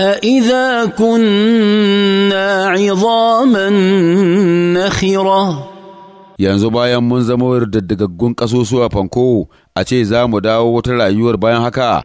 أإذا كنا عظاما نخرة yanzu bayan mun zama daddagaggun ƙasusuwa fanko a ce za mu dawo wata rayuwar bayan haka